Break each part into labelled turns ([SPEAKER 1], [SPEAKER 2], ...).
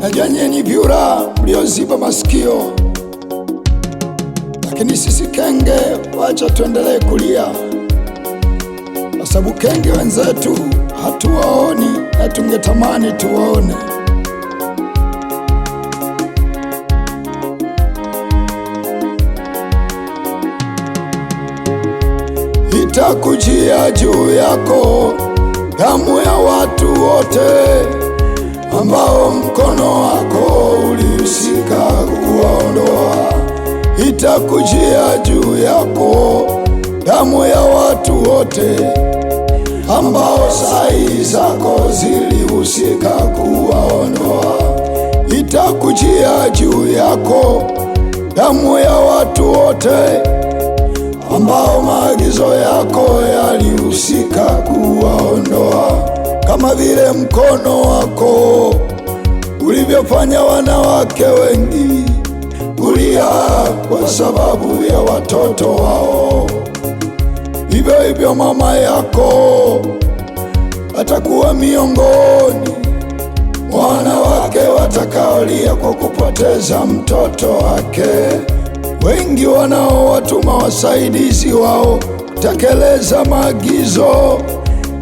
[SPEAKER 1] Najua nyinyi vyura mlioziba masikio, lakini sisi kenge, wacha tuendelee kulia, kwa sababu kenge wenzetu hatuwaoni na tungetamani tuwaone. Itakujia juu yako damu ya watu wote ambao mkono wako ulihusika kuwaondoa, itakujia juu yako damu ya watu wote ambao sai zako zilihusika kuwaondoa, itakujia juu yako damu ya watu wote ambao maagizo yako yali vile mkono wako ulivyofanya wanawake wengi kulia kwa sababu ya watoto wao, hivyo hivyo mama yako atakuwa miongoni wanawake watakaolia kwa kupoteza mtoto wake. Wengi wanaowatuma wasaidizi wao kutekeleza maagizo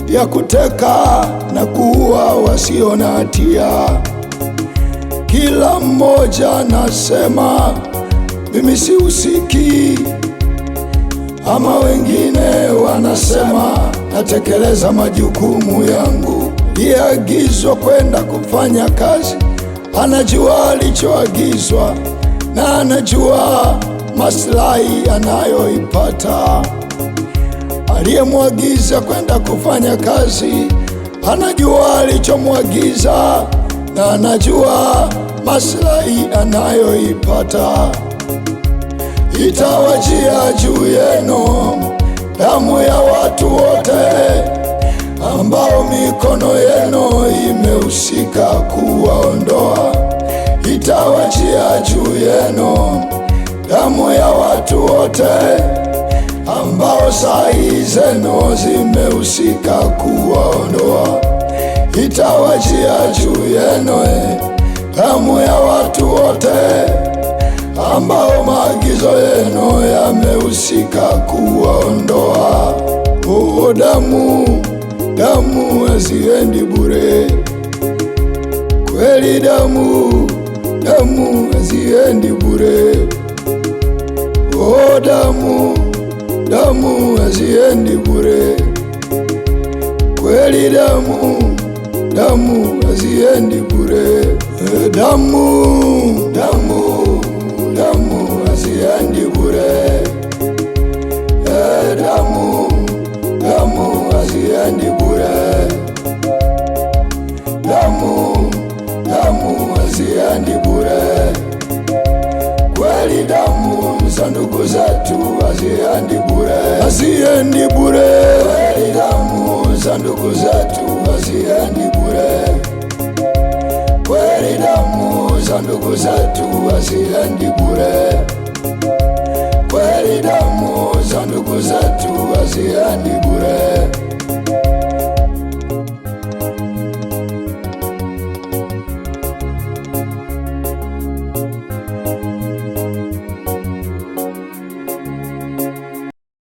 [SPEAKER 1] ya kuteka na kuua wasio na hatia. Kila mmoja nasema mimi sihusiki, ama wengine wanasema natekeleza majukumu yangu. Aliyeagizwa kwenda kufanya kazi anajua alichoagizwa na anajua maslahi anayoipata aliyemwagiza kwenda kufanya kazi anajua alichomwagiza na anajua maslahi anayoipata. Itawajia juu yenu damu ya watu wote ambao mikono yenu imehusika kuwaondoa. Itawajia juu yenu damu ya watu wote ambao sai zenu zimehusika kuwaondoa, itawajia juu yenu e, damu ya watu wote ambao maagizo yenu yamehusika kuwaondoa. Huo damu damu haziendi bure, kweli damu damu haziendi bure. O damu damu haziendi bure, kweli damu, damu haziendi bure, eh, damu, damu, damu haziendi bure, eh, damu, damu haziendi bure, damu, damu haziendi bure, kweli damu za ndugu zetu haziendi bure. hazihendi bure damu za ndugu zetu hazihendi bure kweli damu za ndugu zetu hazihendi bure kweli damu za ndugu zetu hazihendi